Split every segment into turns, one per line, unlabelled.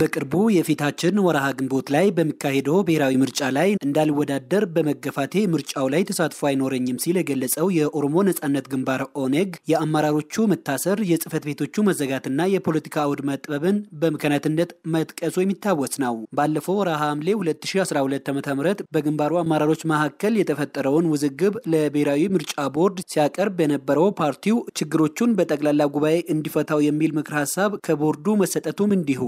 በቅርቡ የፊታችን ወርሃ ግንቦት ላይ በሚካሄደው ብሔራዊ ምርጫ ላይ እንዳልወዳደር በመገፋቴ ምርጫው ላይ ተሳትፎ አይኖረኝም ሲል የገለጸው የኦሮሞ ነጻነት ግንባር ኦኔግ የአመራሮቹ መታሰር፣ የጽህፈት ቤቶቹ መዘጋትና የፖለቲካ አውድ ጥበብን በምክንያትነት መጥቀሱ የሚታወስ ነው። ባለፈው ወርሃ ሐምሌ 2012 ዓ ም በግንባሩ አመራሮች መካከል የተፈጠረውን ውዝግብ ለብሔራዊ ምርጫ ቦርድ ሲያቀርብ የነበረው ፓርቲው ችግሮቹን በጠቅላላ ጉባኤ እንዲፈታው የሚል ምክር ሀሳብ ከቦርዱ መሰጠቱም እንዲሁ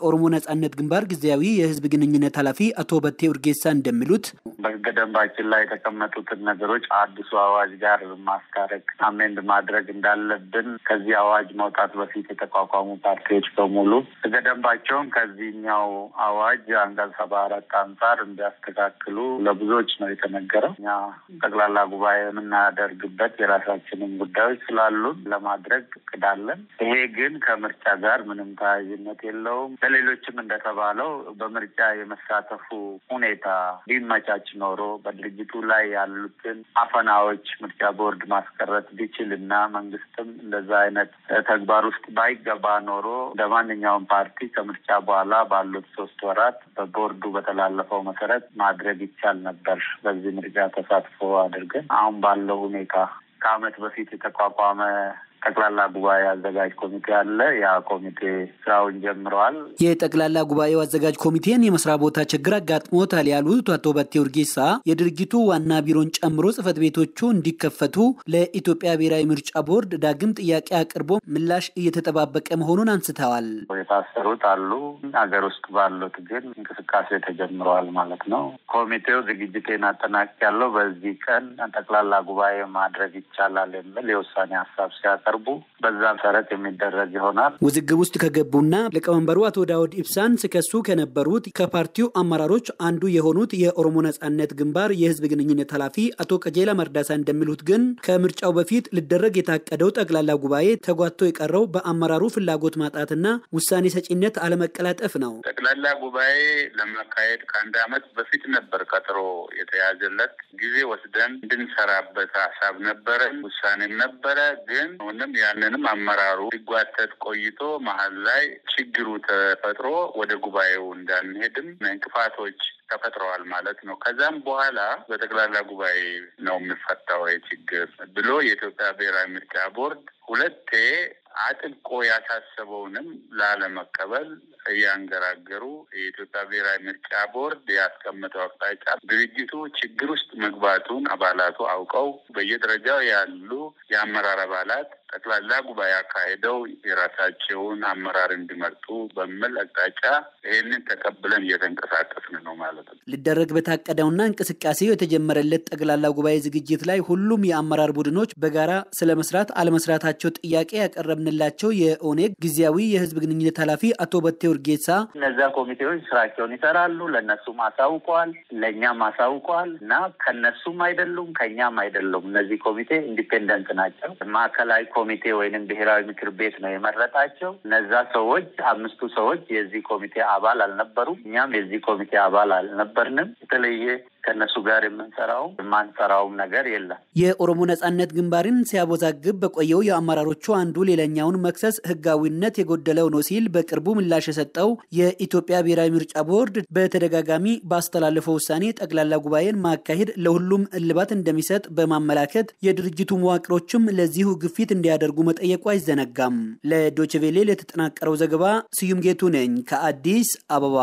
የኦሮሞ ነጻነት ግንባር ጊዜያዊ የህዝብ ግንኙነት ኃላፊ አቶ በቴ ኡርጌሳ እንደሚሉት በህገ
ደንባችን ላይ የተቀመጡትን ነገሮች አዲሱ አዋጅ ጋር ማስታረቅ አሜንድ ማድረግ እንዳለብን ከዚህ አዋጅ መውጣት በፊት የተቋቋሙ ፓርቲዎች በሙሉ ህገ ደንባቸውን ከዚህኛው አዋጅ አንቀጽ ሰባ አራት አንጻር እንዲያስተካክሉ ለብዙዎች ነው የተነገረው። እኛ ጠቅላላ ጉባኤ የምናደርግበት የራሳችንን ጉዳዮች ስላሉን ለማድረግ ቅዳለን። ይሄ ግን ከምርጫ ጋር ምንም ተያያዥነት የለውም። ለሌሎችም እንደተባለው በምርጫ የመሳተፉ ሁኔታ ቢመቻች ኖሮ በድርጅቱ ላይ ያሉትን አፈናዎች ምርጫ ቦርድ ማስቀረት ቢችል እና መንግስትም እንደዛ አይነት ተግባር ውስጥ ባይገባ ኖሮ እንደ ማንኛውም ፓርቲ ከምርጫ በኋላ ባሉት ሶስት ወራት በቦርዱ በተላለፈው መሰረት ማድረግ ይቻል ነበር። በዚህ ምርጫ ተሳትፎ አድርገን አሁን ባለው ሁኔታ ከአመት በፊት የተቋቋመ ጠቅላላ ጉባኤ አዘጋጅ ኮሚቴ አለ። ያ ኮሚቴ ስራውን ጀምረዋል።
የጠቅላላ ጉባኤው አዘጋጅ ኮሚቴን የመስሪያ ቦታ ችግር አጋጥሞታል ያሉት አቶ በቴ ኡርጌሳ የድርጅቱ ዋና ቢሮን ጨምሮ ጽህፈት ቤቶቹ እንዲከፈቱ ለኢትዮጵያ ብሔራዊ ምርጫ ቦርድ ዳግም ጥያቄ አቅርቦ ምላሽ እየተጠባበቀ መሆኑን አንስተዋል።
የታሰሩት አሉ። አገር ውስጥ ባሉት ግን እንቅስቃሴ ተጀምረዋል ማለት ነው። ኮሚቴው ዝግጅቴን አጠናቅ ያለው በዚህ ቀን ጠቅላላ ጉባኤ ማድረግ ይቻላል የሚል የውሳኔ ሀሳብ ሲያቀ ሲያቀርቡ በዛ መሰረት የሚደረግ ይሆናል።
ውዝግብ ውስጥ ከገቡና ሊቀመንበሩ አቶ ዳውድ ኢብሳን ሲከሱ ከነበሩት ከፓርቲው አመራሮች አንዱ የሆኑት የኦሮሞ ነጻነት ግንባር የህዝብ ግንኙነት ኃላፊ አቶ ቀጀላ መርዳሳ እንደሚሉት ግን ከምርጫው በፊት ሊደረግ የታቀደው ጠቅላላ ጉባኤ ተጓቶ የቀረው በአመራሩ ፍላጎት ማጣትና ውሳኔ ሰጪነት አለመቀላጠፍ ነው። ጠቅላላ ጉባኤ ለማካሄድ ከአንድ አመት በፊት ነበር ቀጥሮ የተያዘለት
ጊዜ ወስደን እንድንሰራበት ሀሳብ ነበረ፣ ውሳኔም ነበረ ግን አይደለም። ያንንም አመራሩ ሊጓተት ቆይቶ መሀል ላይ ችግሩ ተፈጥሮ ወደ ጉባኤው እንዳንሄድም እንቅፋቶች ተፈጥረዋል ማለት ነው። ከዛም በኋላ በጠቅላላ ጉባኤ ነው የሚፈታው የችግር ብሎ የኢትዮጵያ ብሔራዊ ምርጫ ቦርድ ሁለቴ አጥብቆ ያሳሰበውንም ላለመቀበል እያንገራገሩ የኢትዮጵያ ብሔራዊ ምርጫ ቦርድ ያስቀመጠው አቅጣጫ ድርጅቱ ችግር ውስጥ መግባቱን አባላቱ አውቀው በየደረጃው ያሉ የአመራር አባላት ጠቅላላ ጉባኤ አካሄደው የራሳቸውን አመራር እንዲመርጡ
በሚል አቅጣጫ ይህንን ተቀብለን እየተንቀሳቀስን ነው ማለት ነው። ሊደረግ በታቀደውና እንቅስቃሴው የተጀመረለት ጠቅላላ ጉባኤ ዝግጅት ላይ ሁሉም የአመራር ቡድኖች በጋራ ስለ መስራት አለመስራታቸው ጥያቄ ያቀረብንላቸው የኦኔግ ጊዜያዊ የህዝብ ግንኙነት ኃላፊ አቶ በቴ ዶርጌሳ
እነዚያ ኮሚቴዎች ስራቸውን ይሰራሉ። ለእነሱም አሳውቀዋል፣ ለእኛም አሳውቀዋል እና ከነሱም አይደሉም ከእኛም አይደሉም። እነዚህ ኮሚቴ ኢንዲፔንደንት ናቸው። ማዕከላዊ ኮሚቴ ወይንም ብሔራዊ ምክር ቤት ነው የመረጣቸው። እነዛ ሰዎች አምስቱ ሰዎች የዚህ ኮሚቴ አባል አልነበሩም። እኛም የዚህ ኮሚቴ አባል አልነበርንም። የተለየ ከእነሱ ጋር የምንሰራው የማንሰራውም ነገር የለም።
የኦሮሞ ነጻነት ግንባርን ሲያወዛግብ በቆየው የአመራሮቹ አንዱ ሌላኛውን መክሰስ ህጋዊነት የጎደለው ነው ሲል በቅርቡ ምላሽ የሰጠው የኢትዮጵያ ብሔራዊ ምርጫ ቦርድ በተደጋጋሚ ባስተላለፈው ውሳኔ ጠቅላላ ጉባኤን ማካሄድ ለሁሉም እልባት እንደሚሰጥ በማመላከት የድርጅቱ መዋቅሮችም ለዚሁ ግፊት እንዲያደርጉ መጠየቁ አይዘነጋም። ለዶችቬሌ ለተጠናቀረው ዘገባ ስዩም ጌቱ ነኝ ከአዲስ አበባ።